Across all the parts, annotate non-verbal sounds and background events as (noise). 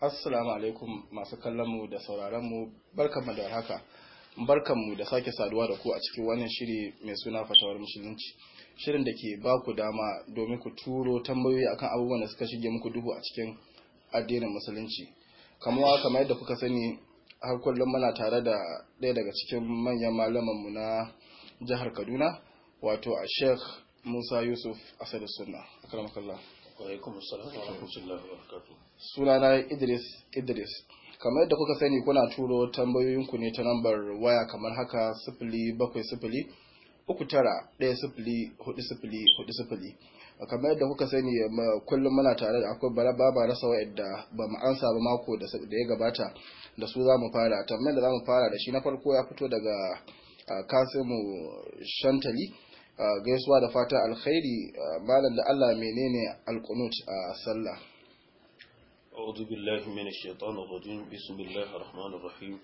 Assalamu alaikum masu kallonmu da sauraronmu barkanmu da haka barkanmu da sake saduwa da ku a cikin wannan shiri mai suna fatawar musulunci shirin da ke ba ku dama domin ku turo tambayoyi akan abubuwan da suka shige muku duhu a cikin addinin musulunci kamar kamar yadda kuka sani har kullum muna tare da ɗaya daga cikin manyan malamanmu na jihar Kaduna wato a Sheikh Musa Yusuf Asadu Sunna akramakallah sunana idris idris kamar yadda kuka sani kuna turo tambayoyinku ne ta lambar waya kamar haka sifili bakwai sifili uku tara ɗaya sifili hudu sifili hudu sifili kamar yadda kuka sani kullum muna tare da akwai bara ba rasa wa'adda ba mu ansa ba mako da ya gabata da su za mu fara tambayar da za mu fara da shi na farko ya fito daga kasimu shantali gaisuwa da fata alkhairi malam da Allah menene alqunut a sallah أعوذ بالله من الشيطان الرجيم بسم الله الرحمن الرحيم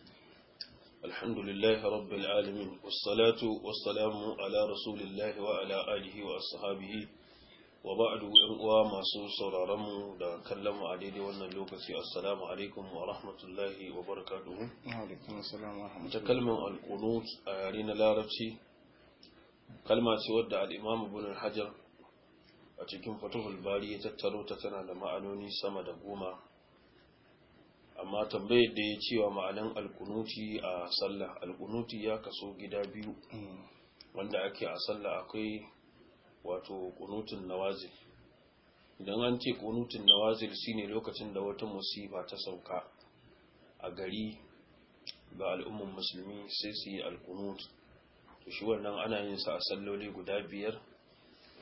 الحمد لله رب العالمين والصلاة والسلام على رسول الله وعلى آله وأصحابه وبعد أنقوى masu sauraronmu da kallonmu a daidai wannan lokaci assalamu alaikum wa rahmatullahi wa barakatuhu ta alkunut a yare na larabci kalma ce wadda al'imam ibn hajar a cikin fatuhul bari ya tattaro ta tana da ma'anoni sama da goma amma tambayar da ya cewa ma'anan alkunuti a sallah alkunuti ya kaso gida biyu wanda ake a sallah akwai wato kunutun nawazil idan an ce kunutun nawazil shine lokacin da wata musiba ta sauka a gari ga al'umman musulmi sai su yi alkunut to shi wannan ana yin sa a salloli guda biyar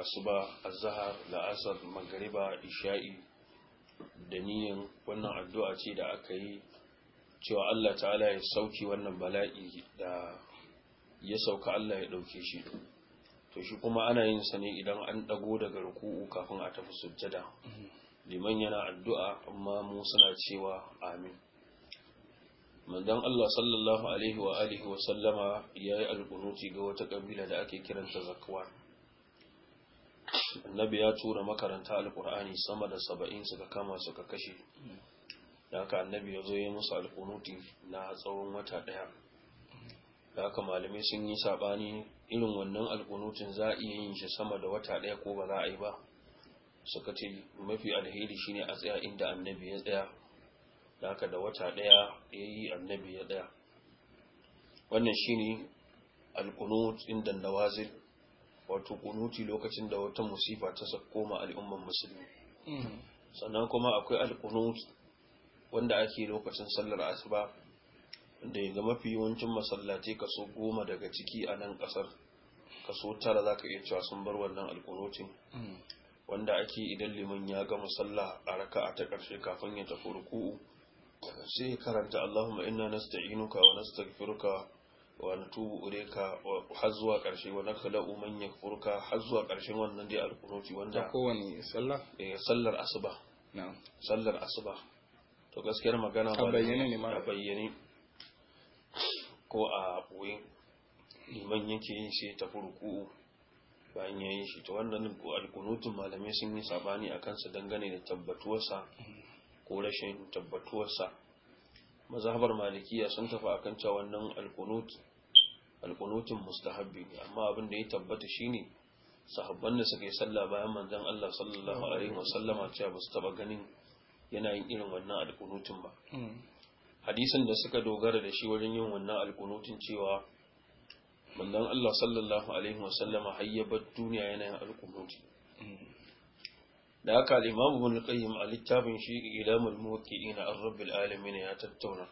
asuba azhar la'asar magriba isha'i da niyan wannan addu'a ce da aka yi cewa Allah ta'ala ya sauki wannan bala'i da ya sauka Allah ya dauke shi to shi kuma ana yin sa ne idan an dago daga ruku'u kafin a tafi sujjada mm-hmm. liman yana addu'a amma mu suna cewa amin manzon Allah sallallahu alaihi wa alihi wa sallama yayi alƙunuti ga wata kabila da ake kiranta zakwan annabi ya tura makaranta Alƙur'ani sama da saba'in suka kama suka kashe da haka annabi ya zo ya musu alƙunuti na tsawon wata ɗaya. da haka malamai sun yi saɓani, irin wannan alƙunutin za a iya yin shi sama da wata ɗaya ko ba za a yi ba suka ce mafi alheri shine a tsaya inda annabi ya tsaya da haka da wata ɗaya ya yi annabi ya ɗaya wannan ne alkunut inda nawazir wato kunuti lokacin da wata musifa ta koma al'umman musulmi mm-hmm. sannan kuma akwai alkunut wanda ake lokacin sallar asuba da ga mafi yawancin masallatai kaso goma daga ciki a nan kasar kaso tara za ka iya cewa sun bar wannan alkunutin mm-hmm. wanda ake idan liman ya gama sallah a raka'a ta ƙarshe kafin ya tafi ruku'u sai karanta Allahumma inna nasta'inuka wa nastaghfiruka wa natubu ilayka har zuwa karshe wa nakhla'u man yakfurka har zuwa karshen wannan dai alƙunuti wanda kowane sallah eh sallar asuba na'am sallar asuba to gaskiyar magana ba bayyane ne ma bayyane ko a boye liman yake yin shi ta furku bayan yayin shi to wannan alƙunutin malamai sun yi sabani akan kansa dangane da tabbatuwarsa mm. ko rashin tabbatuwarsa mazhabar malikiya sun tafi akan cewa wannan al alkunutin mustahabbi ne amma abin da ya tabbata shine sahabban da suka yi sallah bayan manzon Allah sallallahu alaihi wasallama cewa ba su taba ganin yana yin irin wannan alkunutin ba hmm. hadisin da suka dogara da shi wajen yin wannan alkunutin cewa manzon Allah sallallahu alaihi wasallama hayyabar duniya yana yin alkunuti hmm. da haka limamu bin qayyim a littafin shi ilamul ina an rabbi alamina ya tattauna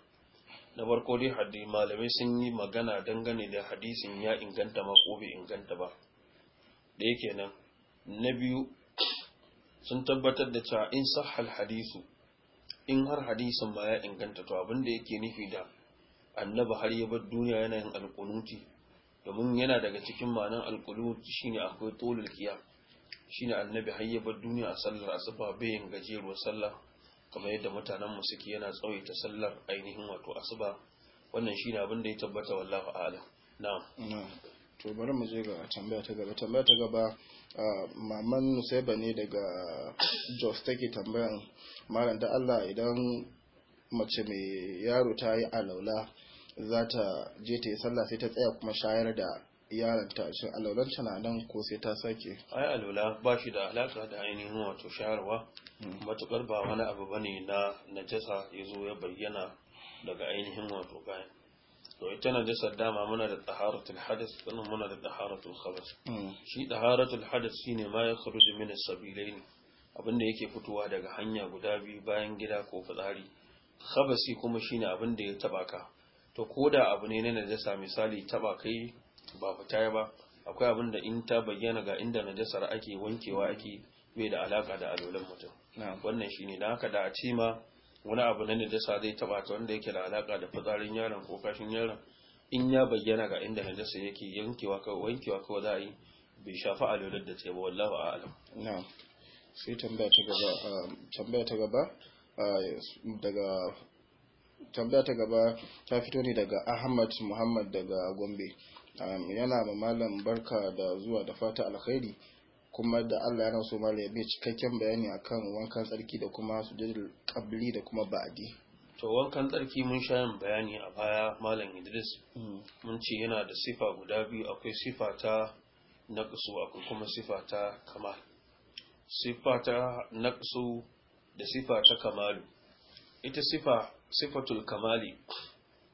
na farko dai hadisi malamai sun yi magana dangane da hadisin ya inganta ma ko bai inganta ba da yake nan na biyu sun tabbatar da cewa in sahal hadisu in har hadisin ma ya inganta to abin da yake nufi da annabi har ya bar duniya yana yin alƙunuti domin yana daga cikin ma'anar alƙunuti shine akwai tolul shine annabi hayyabar duniya a sallar asuba bayan gajeruwar sallah kamar yadda mutanen mu suke yana tsawaita sallar ainihin wato asuba wannan shine abin da ya tabbata wallahi a'lam na'am to bari mu je ga tambaya ta gaba tambaya ta gaba maman Nusaiba ne daga Jos take tambayan malam da Allah idan mace mai yaro ta yi alaula za ta je ta yi sallah sai ta tsaya kuma shayar da iyalanta a alwalanta na nan ko sai ta sake ai alwala ba shi da alaka da ainihin wato shayarwa hmm. matukar ba wani abu bane na najasa ya zo ya bayyana daga ainihin wato kayan to ita najasar dama muna da taharatul hadas sannan muna da taharatul khabas hmm. shi taharatul hadas shine ma ya kharuju min as-sabilain abinda yake fitowa daga hanya guda biyu bayan gida ko fitsari khabasi kuma shine abinda ya taba ka to koda abu ne na najasa misali taba kai ba fita ba akwai abin da in ta bayyana ga inda najasar ake wankewa ake bai da alaka da alolan mutum wannan ne da haka da a ce ma wani abu na najasa zai taba ta wanda yake da alaka da fitsarin yaron ko kashin yaron in ya bayyana ga inda najasa yake yankewa ka wankewa kawai za a yi bai shafi alolan da tsaye ba wallahu a'lam na'am sai tambaya ta gaba ah, tambaya ta gaba ah, daga tambaya ta gaba ta fito ne daga Ahmad Muhammad daga Gombe Um, yana ma malam barka da zuwa da fata alkhairi kuma da Allah ya so malam ya bi cikakken bayani akan wankan tsarki da kuma sujudul qabli da kuma ba'di to wankan tsarki mun sha yin bayani a baya malam Idris mm. mun ce yana da sifa guda biyu akwai sifa ta naqsu akwai kuma sifa ta kamal sifa ta naqsu da sifa ta kamalu ita sifa sifatul kamali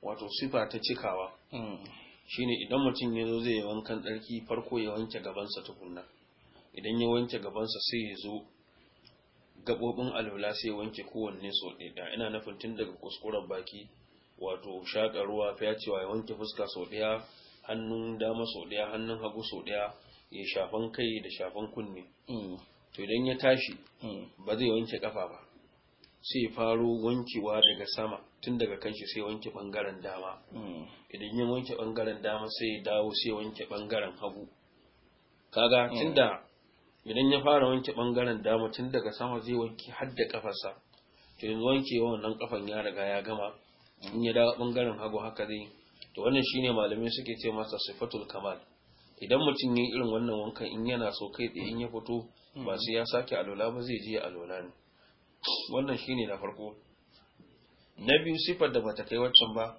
wato sifa ta cikawa mm. shine idan mutum ya zo zai yi wankan ɗarki farko ya wanke gabansa tukunna idan ya wanke gabansa sai ya zo gabobin al'ula sai ya wanke kowanne sau ɗaya ina nufin tun daga kuskuren baki wato shaƙa ruwa cewa ya wanke fuska sau ɗaya hannun dama sau ɗaya hannun hagu sau ɗaya ya shafan kai da shafan kunne mm. to idan ya tashi mm. ba zai wanke kafa ba sai faro wankewa daga sama tun daga kanshi sai wanke bangaren dama hmm. idan ya wanke bangaren dama sai ya dawo sai wanke bangaren hagu kaga hmm. tunda idan ya fara wanke bangaren dama tun daga sama zai wanke har da kafarsa to yanzu wanke wannan kafan ya riga ya gama hmm. in ya dawo bangaren hagu haka zai to wannan shine malamai suke ce masa sifatul kamal idan mutum ya irin wannan wankan in yana so kai tsaye in ya fito ba sai ya sake alola ba zai je alola ne wannan shine na farko na biyu siffar da bata kai waccan ba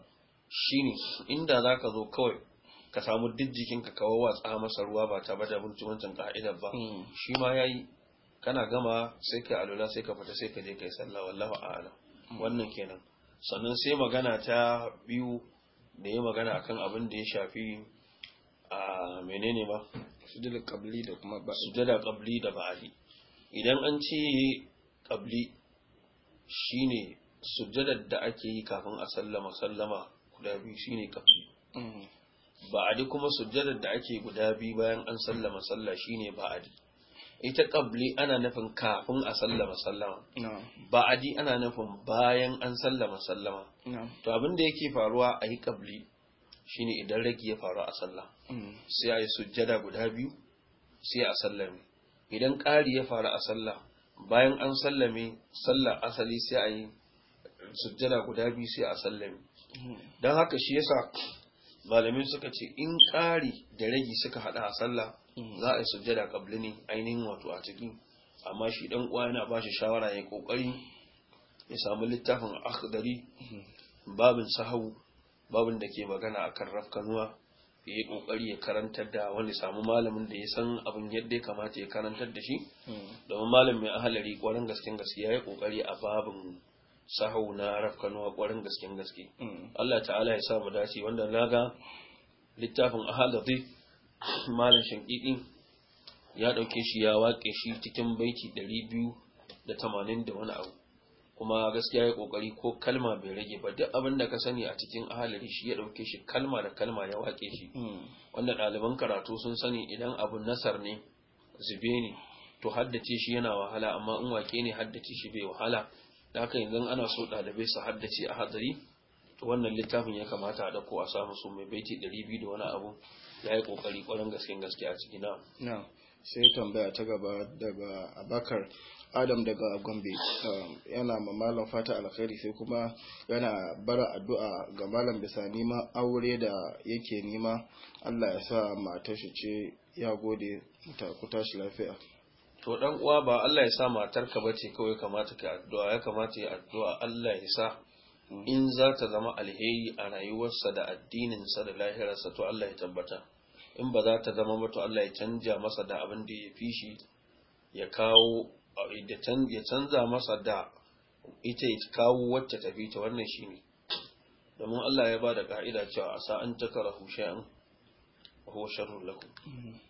shine inda za ka zo kawai ka samu duk jikinka ka wawatsa masa ruwa ba ta bada bunci wancan ka'idar ba hmm. shi ma ya yi kana gama sai ka alula sai ka fita sai ka je kai sallah wallahu a'lam hmm. wannan kenan sannan sai magana ta biyu da ya magana akan abin da ya shafi a menene ba sujada qabli da kuma ba sujada qabli da ba'di idan an ce qabli shine sujjadar da ake yi kafin a sallama sallama guda biyu shine qabli mm. ba'adi kuma sujjadar da ake guda biyu bayan an sallama sallah shine ba'adi ita qabli ana nufin kafin a sallama sallama ba'adi ana nufin bayan an sallama sallama to abin da yake faruwa a yi qabli shine idan rage ya faru a sallah mm. sai a yi sujjada guda biyu sai a sallame idan ƙari ya faru a sallah bayan an sallame sallar asali sai a yi sujjada guda biyu sai a sallame don haka shi yasa malamin suka ce in ƙari da ragi suka haɗa a sallah za a yi sujjada kabli ne ainihin wato a ciki amma shi ɗan uwa yana ba shi shawara ya ƙoƙari ya samu littafin akhdari babin sahau babin da ke magana akan rafkanuwa ya yi kokari ya karantar da wani samu malamin da ya san abin yadda ya kamata ya karantar da shi hmm. domin malamin mai ahalari kwarin gasken gaske ya yi kokari a babin sahau na rafkanuwa kwarin gasken gaske hmm. Allah ta'ala ya sa mu dace wanda na ga littafin ahalari malam shanƙiɗi ya ɗauke shi ya wake shi cikin baiti 280 da wani abu kuma gaskiya ya kokari ko kalma bai rage ba duk abin da ka sani a cikin ahalari shi ya dauke shi kalma da kalma ya wake shi hmm. wanda ɗaliban karatu sun sani idan abu nasar ne zube ne to haddace shi yana wahala amma in wake ne haddace shi bai wahala da haka yanzu ana so ɗalibai su haddace a hadari wannan littafin ya kamata a dauko a samu su mai baiti ɗari biyu da wani abu ya yi kokari gaske-gaske a ciki na sai tambaya ta gaba daga abakar adam daga gombe um, yana mamalan malam fata alkhairi sai kuma yana bara addu'a ga malam bisa neman aure da yake nema allah ya sa mata shi ce ya gode ku tashi lafiya to dan uwa ba allah ya sa matar ka bace kawai kamata ka addu'a ya kamata ya addu'a allah ya sa in za ta zama alheri a rayuwarsa da addinin sa da lahirarsa to Allah ya tabbata in ba za ta zama mutu Allah ya canja masa da abin da ya fi shi ya kawo ya canza masa da ita ya kawo wacce tafi ta wannan shi ne domin Allah ya ba da ka'ida cewa a sa'an ta kara hushen ko sharrun lakum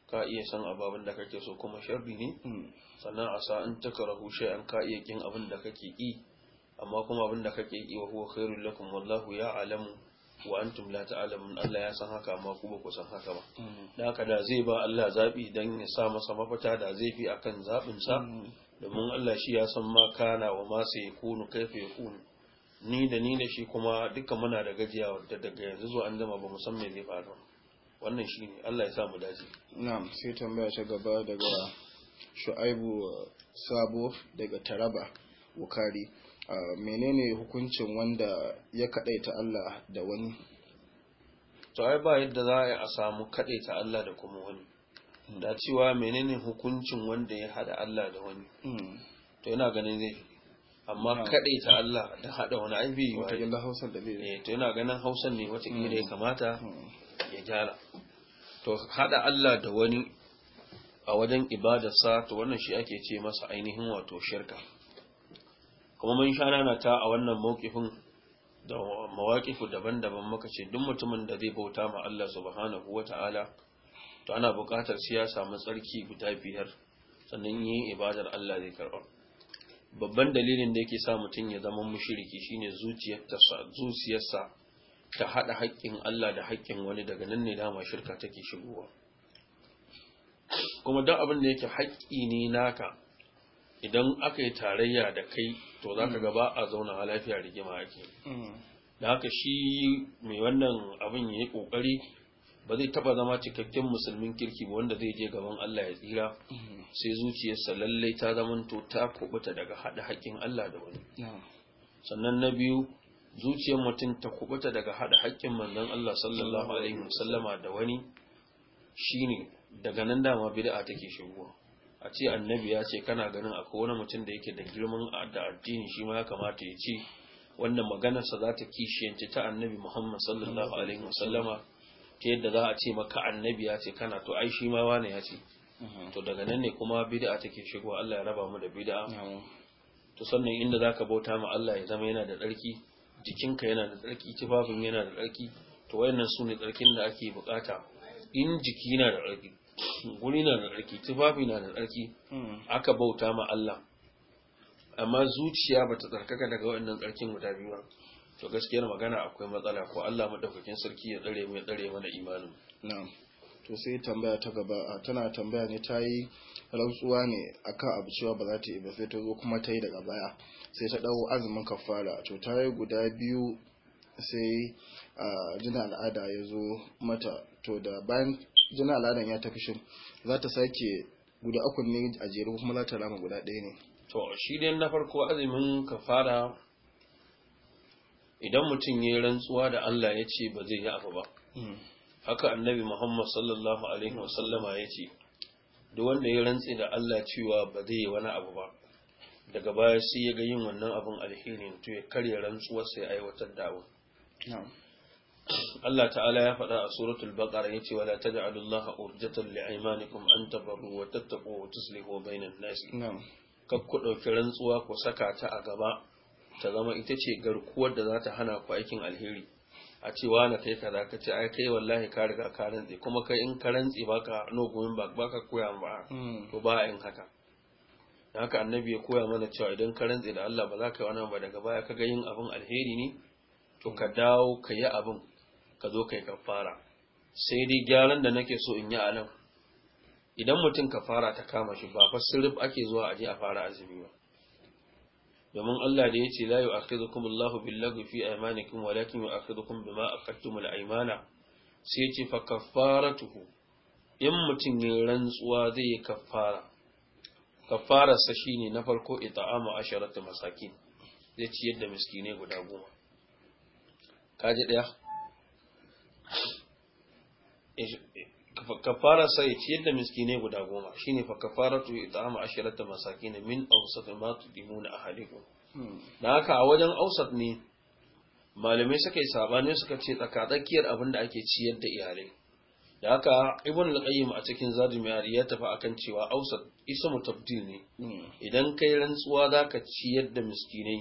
ka iya san ababin da kake so kuma sharri ne sannan a sa'an ta kara hushen ka iya kin abin da kake yi amma kuma abin da kake yi wa huwa khairul lakum wallahu ya alamu wa antum la ta'lamun Allah ya san haka amma ku ba ku san haka ba mm. da haka da zai ba Allah zabi dan ya sa masa mafata da zai fi akan zabin sa mm. domin Allah shi ya san ma kana wa ma sai kunu kaifa yakunu ni da ni da shi kuma duka muna da gajiya da daga yanzu zuwa an zama ba mu san me zai faru wannan ne Allah ya sa mu dace na'am sai tambaya ta gaba daga Shu'aibu uh, Sabo daga Taraba Bukari menene hukuncin wanda ya kadaita Allah da wani to ai ba yadda za a yi a samu kadaita Allah da kuma wani da cewa menene hukuncin wanda ya hada Allah da wani hmm. to yana ganin zai amma ah. kadaita Allah da hada wani ai bai wata illa Hausar da bai eh, to yana ganin Hausar ne wata kila hmm. ya kamata hmm. ya gyara to hada Allah da wani a wajen ibadarsa to wannan shi ake ce masa ainihin wato shirka kuma mun sha nana ta a wannan mawqifin da mawakifu daban-daban muka ce duk mutumin da zai bauta ma Allah subhanahu wata'ala to ana buƙatar shi ya samu tsarki guda biyar sannan yin ibadar Allah zai karɓa babban dalilin da yake sa mutum ya zama mushriki shine zuciyarsa zuciyarsa ta haɗa haƙƙin Allah da haƙƙin wani daga nan ne dama shirka take shigowa kuma duk abin da yake haƙƙi ne naka idan aka yi tarayya da kai to za ka mm. gaba a zauna a lafiya rigima ake mm. da haka shi mai wannan abin ya yi ƙoƙari ba zai taba zama cikakken musulmin kirki ba wanda zai je gaban Allah ya tsira mm. sai zuciyarsa lallai ta zamanto ta kubuta daga haɗa haƙƙin Allah da wani sannan na biyu zuciyar mutum ta kubuta daga haɗa haƙƙin manzon Allah sallallahu alaihi wasallama da wani shine daga nan dama bid'a take shigowa a ce annabi ya ce kana ganin akwai wani mutum da yake da girman da addini shi ma ya kamata ya ce wannan maganarsa za ta kishiyanci ta annabi muhammad sallallahu alaihi wasallama ta yadda za a ce maka annabi ya ce kana to ai shi ma wani ya ce mhm. to daga nan ne kuma bid'a take shigo Allah ya raba mu da bid'a to sannan inda zaka bauta ma Allah ya zama yana da tsarki jikinka yana da tsarki tufafin yana da tsarki to wayannan sune tsarkin da ake bukata in jiki yana da tsarki guri na da tsarki tufafi na da tsarki hmm. aka bauta ma Allah amma zuciya ba ta tsarkaka daga waɗannan tsarkin guda biyu ba to gaskiyar magana akwai matsala ko Allah madaukakin sarki ya tsare mu ya tsare mana imanin na'am to sai tambaya ta gaba tana tambaya ne ta yi rantsuwa ne akan abu cewa ba za ta yi ba sai ta zo kuma ta yi daga baya sai ta dawo azumin kafara to ta yi guda biyu sai jina al'ada ya zo mata to da bayan jinin al'adan ya tafi shin za ta sake guda uku ne a jere kuma za ta rama guda ɗaya ne to shi dai na farko azumin ka fara idan mutum ya yi rantsuwa da Allah ya ce ba zai yi abu ba hmm. haka annabi Muhammad sallallahu alaihi wasallama ya ce duk wanda ya rantse da Allah cewa ba zai yi wani abu ba daga baya sai ya ga yin wannan abin alheri to ya karya rantsuwar sai aiwatar da abu Allah ta'ala ya faɗa a suratul baqara yace wala taj'alu Allah urjatan li'aymanikum an tabarru wa tattaqu wa tuslihu bainan nas kak ku dauki rantsuwa ku saka ta a gaba ta zama ita ce garkuwar da za ta hana ku aikin alheri a ce na kai kaza ka ce ai kai wallahi ka riga ka rantsi kuma kai in ka rantsi baka no going ba baka koya ba hmm. to ba in haka haka annabi ya koya mana cewa idan ka rantsi da Allah ba za ka yi wani ba daga baya ka ga yin abin alheri ne to ka dawo ka yi abin ka zo kai kafara sai dai gyaran da nake so in yi a nan idan mutum kafara ta kama shi ba fa sirrif ake zuwa aje a fara azumi ba domin Allah da ya ce la yu'akhidhukum Allahu billaghwi fi aymanikum walakin yu'akhidhukum bima al aymana sai yace fa kaffaratuhu in mutum ya rantsuwa zai yi kafara kafararsa shine na farko ita'amu asharatu masakin zai ci yadda miskinai guda goma kaje daya kafara sai ciyar da miskine guda goma shine fa kafaratu itama ashirata masakin min awsat ma tudimuna ahalikum hmm. dan haka a wajen awsat ne malamai suka yi sabani suka ce tsakatsakiyar abin da ake ciyar da iyalai da haka ibn al-qayyim a cikin zadi ma'ad ya tafi akan cewa awsat ismu tabdil ne hmm. idan kai rantsuwa zaka ciyar da miskine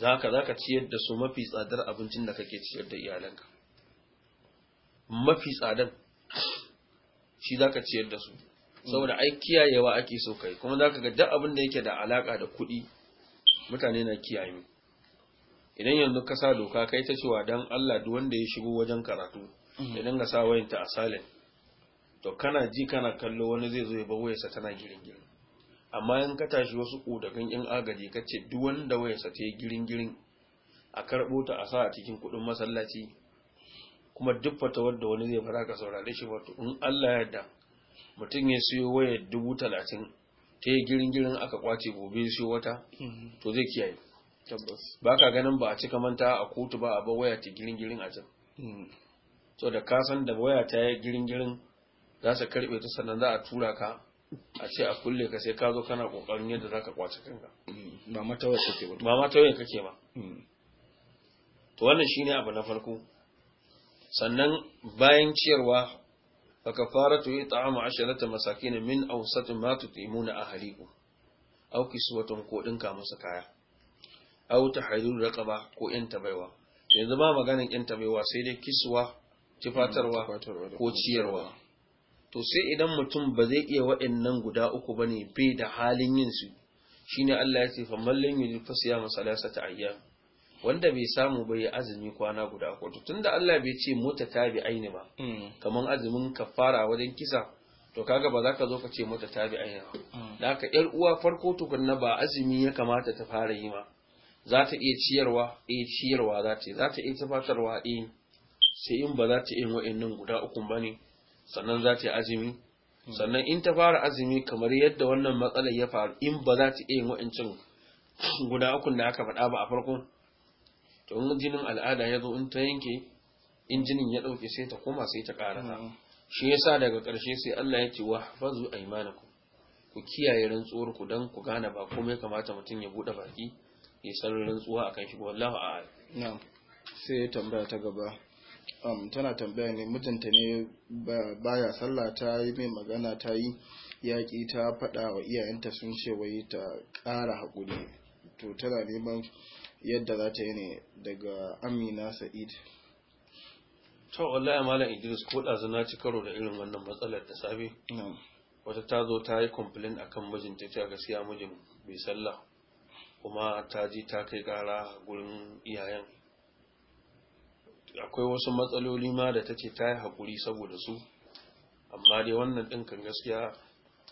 zaka zaka ciyar da su mafi tsadar abincin da kake ciyar da iyalanka mafi tsadan shi za ka ciyar da su saboda ai kiyayewa ake so kai kuma za ka ga duk abin da yake da alaka da kuɗi mutane na kiyaye idan yanzu ka sa doka kai ta cewa dan Allah duk wanda ya shigo wajen karatu idan dinga sa wayanta a asalin to kana ji kana kallo wani zai zo ya bar wayarsa tana girin girin amma in ka tashi wasu kodakan yan agaji ka ce duk wanda wayarsa ta yi girin girin a karɓo ta a sa a cikin kuɗin masallaci kuma duk fata wanda wani zai fara ka saurare shi wato in Allah ya da mutum ya siyo waya dubu talatin ta yi girin girin aka kwace gobe siyo wata to zai kiyaye ba ka ganin ba a cika manta a kotu ba a ba waya ta girin girin a can hmm. so da ka san da waya ta yi girin girin za su karbe ta sannan za a tura ka a ce a kulle ka sai ka zo kana kokarin yadda za ka kwace kanka hmm. ba matawar kake ba ba matawar kake ba hmm. to wannan shine abu na farko sannan bayan ciyarwa fa kafaratu it'amu asharata masakin min awsat ma tutimuna ahliku aw kiswatun ko dinka musu kaya aw tahriru raqaba ko yan tabaiwa yanzu ba maganin yan tabaiwa sai dai kiswa tifatarwa hmm, ko ciyarwa to sai idan mutum ba zai iya waɗannan guda uku bane bai da halin yin su shine Allah ya ce fa mallin yujfasiya masalasa ta ayyam wanda bai samu bai azumi kwana guda ko tun tunda Allah bai ce mota ta bi aini ba hmm. kamar azumin kafara wajen kisa to kaga ba za ka zo ka ce mota ta bi aini ba hmm. da haka yar uwa farko tukunna ba azumi ya kamata ta fara yi ma za ta iya ciyarwa eh ciyarwa za ta za ta iya tafatarwa eh sai in ba za ta iya wa'annan guda uku ne, sannan za ta yi azumi hmm. sannan in ta fara azumi kamar yadda wannan matsalar ya faru in ba za ta iya wa'ancin guda ukun da aka faɗa ba a farkon to in jinin al'ada ya zo in ta yanke in jinin ya dauke sai ta koma sai ta ƙara mm. shi yasa daga ƙarshe sai Allah ya ce wa fazu aymanakum ku kiyaye rantsuwar ku dan ku gane ba komai kamata mutum ya bude baki ya san rantsuwa akan shi wallahi a na'am sai ya tambaya ta gaba um, tana tambaya ne mutunta ne baya sallah ta yi mai magana ta yi yaƙi ta faɗa wa iyayenta sun ce wai ta ƙara hakuri to tana neman yadda za ta yi ne daga amina sa'id wallah ya malam idris ko ɗazu na ci karo da irin wannan matsalar da safe wata ta zo ta yi complain akan mijinta ta gaskiya mijin mai sallah kuma ta ji ta kai kara gurin iyayen akwai wasu matsaloli ma da ta ce ta yi haƙuri saboda su amma dai wannan ɗinkan gaskiya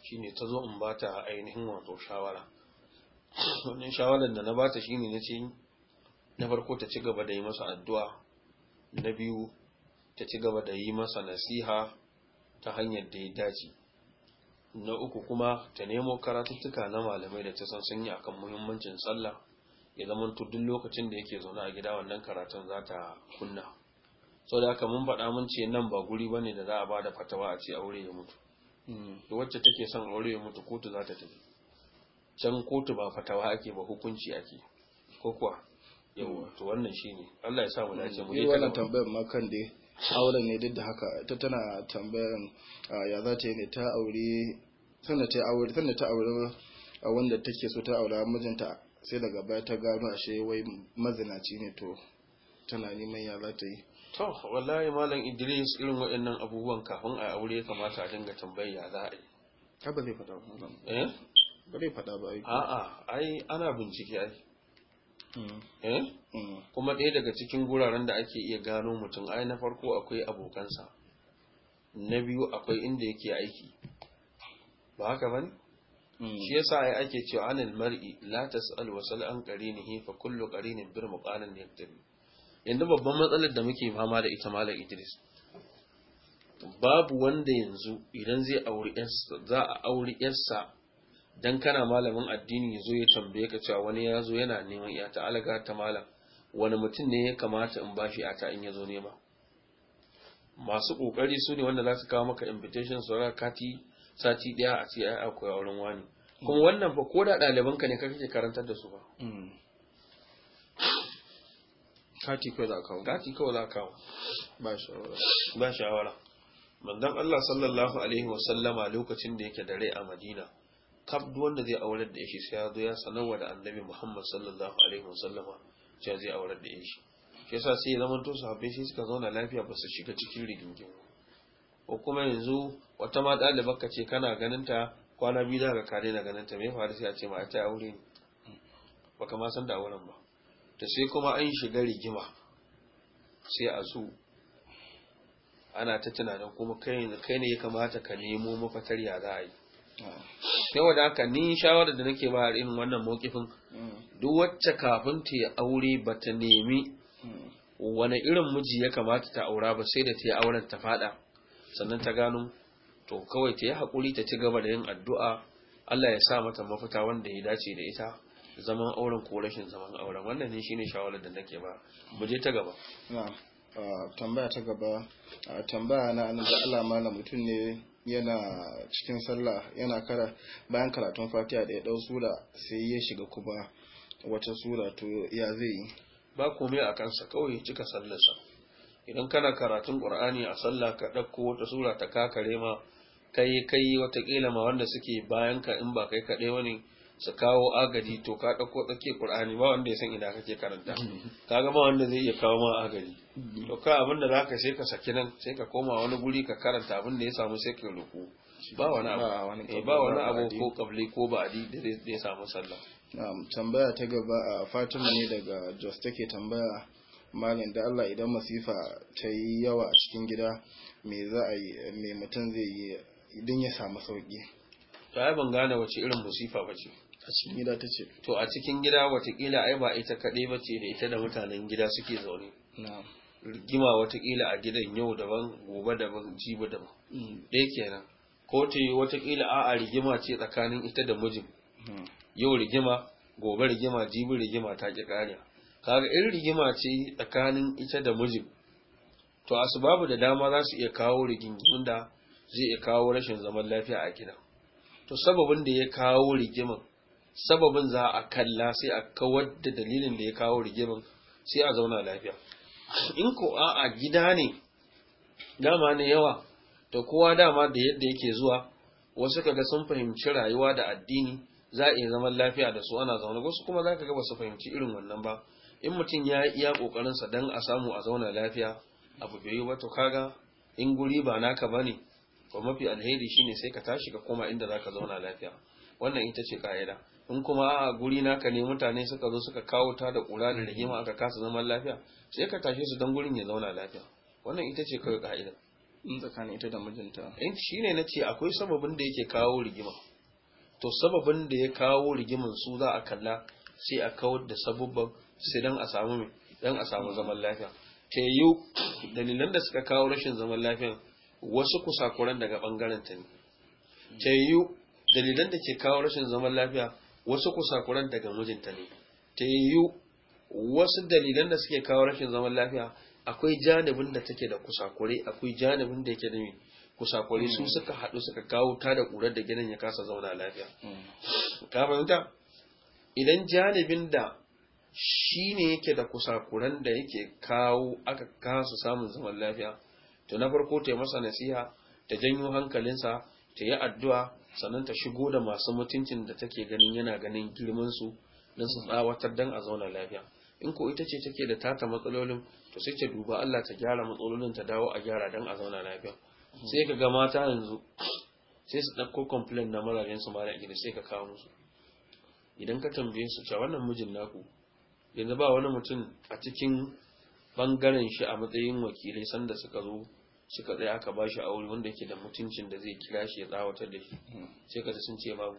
shine ta zo in ba ta ainihin wato shawara wannan shawarar da na ba ta shine na ce na farko ta ci gaba da yi masa addu'a na biyu ta ci gaba da yi masa nasiha ta hanyar da ya dace na uku kuma ta nemo karatuttuka na malamai da ta san sun yi akan muhimmancin sallah ya zama duk lokacin da yake zaune a gida wannan karatun za ta kunna sau da aka mun faɗa mun ce nan ba guri ba ne da za a ba da fatawa a ce aure ya mutu mm. wacce take son aure ya mutu kotu za ta tafi can kotu ba fatawa ake ba hukunci ake ko kuwa yawa to wannan shine Allah ya sa mu dace mu yi wannan tambayar ma kan dai auren ne duk da haka ta tana tambayar ya za ta yi ne ta aure tana ta aure tana ta aure wanda take so ta aura mijinta sai daga baya ta gano shi wai mazinaci ne to tana neman ya za ta yi to wallahi malam Idris irin waɗannan abubuwan kafin a aure kamata a dinga tambayar ya za a yi zai fata eh ba fada faɗa ba a'a ai ana bincike ai mm. Eh? Mm. kuma ɗaya daga cikin guraren da ake iya gano mutum ai na farko akwai abokansa na biyu akwai inda yake aiki ba haka ba ne mm. shi yasa ai ake cewa anil mar'i la tas'al wa sal an qarinihi fa kullu qarinin bir muqalan yaktabi yanzu babban matsalar da muke fama da ita malam Idris babu wanda yanzu idan zai auri yarsa za a auri yarsa dan kana malamin addini yazo ya tambaye ka cewa wani ya zo yana neman ya ta alaga ta malam wani mutum ne ya kamata in bashi a ta in yazo nema masu kokari su ne wanda za su kawo maka invitation su kati sati daya a ce ai akwai auren wani kuma wannan fa ko da ɗalibanka ne ka kake karantar da su ba hmm. kati kawai za kawo kati kawai za kawo ba shawara ba shawara manzon Allah sallallahu alaihi wasallama lokacin da yake dare a Madina kaf wanda zai aurar da shi sai ya zo ya sanarwa da annabi Muhammad sallallahu alaihi wasallama cewa zai aurar da shi shi yasa sai ya zamanto sahabbai sai suka zauna lafiya ba su shiga cikin rigingin ko kuma yanzu wata ma da baka ce kana ganin ta kwana biyu da ka kare na ganin ta me faru sai a ce ma ta aure ne baka ma san da auren ba ta sai kuma an shiga rigima sai a zo ana ta tunanin kuma kai ne ya kamata ka nemo mafatar ya za a yi wadda haka ni shawarar da nake ba irin wannan mokifin mm. duk wacce kafin ta yi aure ba ta nemi mm. wani irin miji ya kamata ta aura ba sai da ta yi auren ta fada sannan ta gano to kawai ta yi haƙuri ta ci gaba da yin addu'a Allah ya sa mata mafita wanda ya dace da ita zaman auren ko rashin zaman auren wannan ne shine shawarar da nake ba mu je ta gaba ah, tambaya ta gaba ah, tambaya na annabi Allah malam mutum ne yana cikin sallah yana kara bayan karatun fatiha da ya dau sura sai ya shiga kuma wata sura to ya zai yi ba komai a kansa kawai ya cika sallarsa idan kana karatun qur'ani a sallah ka dauko wata sura ta kakare ma kai kai watakila ma wanda suke bayan ka in ba kai kaɗai wani su kawo agaji to ka ɗauko tsakiyar ƙur'ani ba wanda ya san ina kake karanta Ka ga ba wanda zai iya kawo ma agaji to ka abin da zaka sai ka saki nan sai ka koma wani guri ka karanta abin da ya samu sai ka ruku ba wani abu ba wani eh, abu ko kabli ko ba'adi da zai samu sallah tambaya ta gaba a Fatima ne daga Jos take tambaya malin da Allah idan masifa ta yi yawa a cikin gida me za a yi me mutum zai yi idan ya samu sauki ta ban gane wace irin musifa ba ce a cikin gida ta ce to a cikin gida watakila ai ba ita kaɗai ba ce da ita da mutanen gida suke zaune rigima watakila a gidan yau daban gobe daban jibi daban mm. ɗaya kenan ko ta yi watakila a rigima ce tsakanin ita da mijin mm. yau rigima gobe rigima jibi rigima ta ƙi ƙariya kaga irin rigima ce tsakanin ita da mijin to asbabu da dama za su iya kawo rigingimin da zai iya kawo rashin zaman lafiya a gidan to sababin da ya kawo rigimin sababin za a kalla sai a kawar da dalilin da ya kawo rigimin sai a zauna lafiya in ko a gida ne dama ne yawa da kowa dama da yadda yake zuwa wasu kaga sun fahimci rayuwa da addini za a iya zaman lafiya da su ana zaune wasu kuma za ka ga su fahimci irin wannan ba in mutum ya yi iya ƙoƙarinsa don a samu a zauna lafiya abu bai yi ba to kaga in guri ba naka ba ne ba mafi alheri shine sai ka tashi ka koma inda za ka zauna lafiya wannan ita ce ka'ida in kuma a guri naka ne mutane suka zo suka kawo ta da kura da rigima aka kasa zaman lafiya sai ka tashi su don gurin ya zauna lafiya wannan ita ce kawai ka'ida in mm, tsakanin ita da mijinta in eh, shine na ce akwai sababin da yake kawo rigima to sababin da ya kawo rigiman su za a kalla sai a kawar da sabubban sai dan a samu dan a samu zaman lafiya ta yi dalilan da suka kawo rashin zaman lafiya wasu kusakuran daga bangaren ta ne ta yi dalilan da ke kawo rashin zaman lafiya wasu kusakuran daga mijinta ne ta yiwu wasu dalilan da suke kawo rashin zaman lafiya akwai janibin da take da kusakure akwai janibin da yake da kusakure su hmm. suka haɗu suka kawo ta da ƙurar da ginin ya kasa zauna lafiya hmm. ka idan janibin da shi ne yake da kusakuran da yake kawo aka kasa samun zaman lafiya to na farko ta yi masa nasiha ta janyo hankalinsa ta yi addu'a sannan ta shigo da masu mutuncin da take ganin yana ganin girman su don su tsawatar dan a zauna lafiya in ko ita ce take da tata matsalolin to sai ta duba Allah ta gyara matsalolin ta dawo a gyara dan a zauna lafiya sai ka ga mata yanzu sai su ɗauko complain na mararen su mara gida sai ka kawo musu idan ka tambaye su cewa wannan mijin naku yanzu ba wani mutum a cikin bangaren shi a matsayin wakilai sanda suka zo suka tsaye aka ba shi aure wanda ke da mutuncin da zai kira shi ya tsawatar da shi hmm. sai ka sun ce babu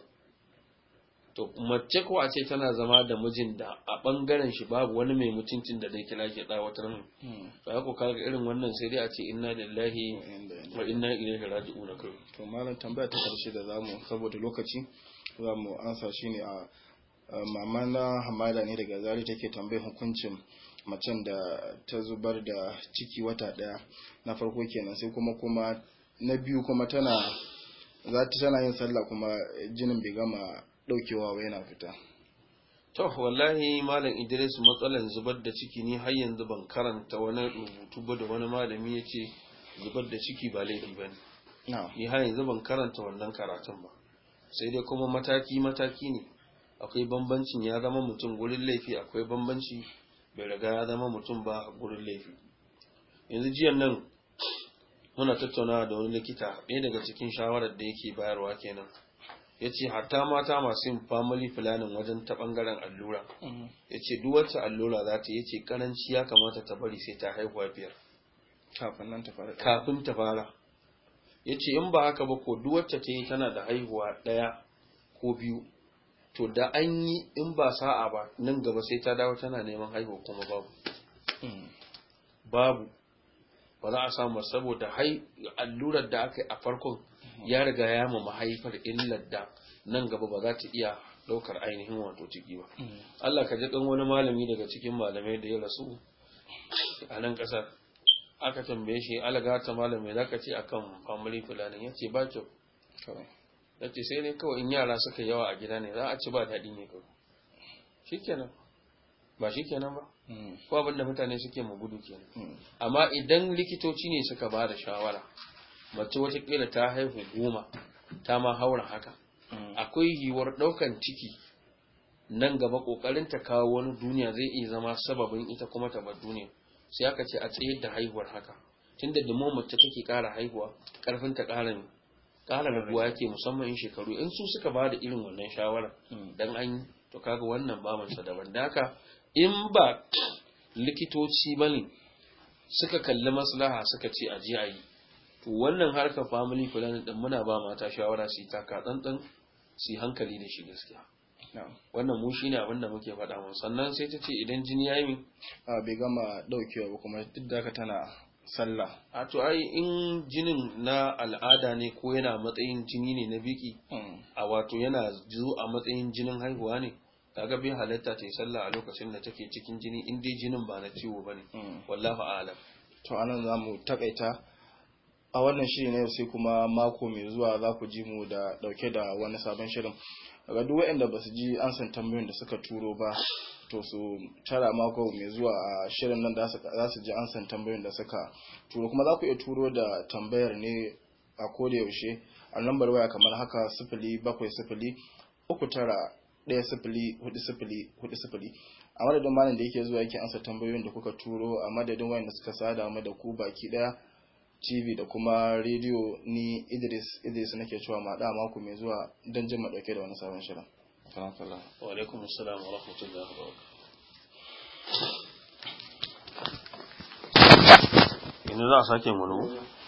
to mace ko a ce tana zama da mijin da a bangaren shi babu wani mai mutuncin da zai kira shi ya tsawatar mu hmm. to ko kaga irin wannan sai dai a ce inna lillahi wa inna ilaihi raji'un kai to malam tambaya ta karshe da zamu saboda lokaci zamu ansa shine a mamana hamada ne daga zari take tambayar hukuncin macen da ta zubar da ciki wata daya na farko kenan sai kuma kuma na biyu kuma tana za ta tana yin sallah kuma jinin bai gama daukewa ba yana fita to wallahi malam Idris matsalan zubar da ciki ni har yanzu ban karanta wani rubutu ba da wani malami yace zubar da ciki ba laifi bane ni har yanzu ban karanta wannan karatun ba sai dai kuma mataki mataki ne akwai bambancin ya zama mutum gurin laifi akwai bambanci bai riga ya zama mutum ba a gurin laifi yanzu jiyan nan muna tattauna da wani likita ɗaya daga cikin shawarar da yake bayarwa kenan ya ce hatta mata masu yin family planning wajen ta ɓangaren allura mm. ya ce duk allura za ta yi ce karanci ya kamata ta bari sai ta haihuwa biyar kafin ta fara ya ce in ba haka ba ko duk wacce ta yi tana da haihuwa ɗaya ko biyu to da an yi in ba sa'a ba nan gaba sai ta dawo tana neman haihuwa kuma babu hmm. babu ba za a samu saboda allurar da aka yi a farkon ya riga ya ma mahaifar illar da nan gaba ba za ta iya ɗaukar ainihin wato ciki ba hmm. Allah ka ji wani malami daga cikin malamai da ya rasu a nan ƙasar aka tambaye shi alagata ta malamai zaka ce akan family planning ya ce ba kyau ta sai ne kawai in yara suka yawa a gida ne za a ci ba daɗi ne kawai shi kenan ba shi kenan ba hmm. ko abin mutane suke mu gudu kenan hmm. amma idan likitoci ne suka ba da shawara mace wata watakila ta haihu goma ta ma haura haka hmm. akwai yiwuwar ɗaukan ciki nan gaba ƙoƙarin ta kawo wani duniya zai iya zama sababin ita kuma ta bar duniya sai aka ce a tsayar da haihuwar haka tunda da mace take ƙara haihuwa ƙarfin ta ƙara ne ƙara raguwa yake musamman in shekaru in su suka ba da irin wannan shawara hmm. dan an to kaga wannan babansa daban da haka in ba (clears throat) likitoci bane suka kalli maslaha suka ce a ji ayi to wannan harkar family planning din muna ba mata shawara su taka tsantsan su hankali da shi gaskiya wannan mu shine abin da muke faɗa mun sannan sai ta ce idan jini ya yi min bai gama daukewa ba kuma duk da haka tana sallah a to ai in jinin na al'ada ne ko yana matsayin jini ne na biki hmm. a wato yana zo a matsayin jinin haihuwa ne ta gabi halatta ta yi sallah a lokacin da take cikin jini in dai jinin ba na ciwo ba ne hmm. wallahu a'lam to anan mu takaita a wannan shiri ne sai kuma mako mai zuwa za ku ji mu da dauke da wani sabon shirin ga duk waɗanda ba su ji an san tambayoyin da suka turo ba to su tara mako mai zuwa a shirin nan za su ji ansan tambayoyin da suka turo kuma za ku iya turo da tambayar ne a koda yaushe a lambar waya kamar haka sifili bakwai sifili uku tara ɗaya sifili hudu sifili hudu sifili a madadin malam da yake zuwa yake ansa tambayoyin da kuka turo a madadin wayan da suka sada mu da ku baki ɗaya TV da kuma rediyo ni Idris Idris nake cewa ma da mako mai zuwa don jin madauke da wani sabon shirin. ورحمة الله وعليكم السلام ورحمة الله وبركاته. إن الله ساكي ولو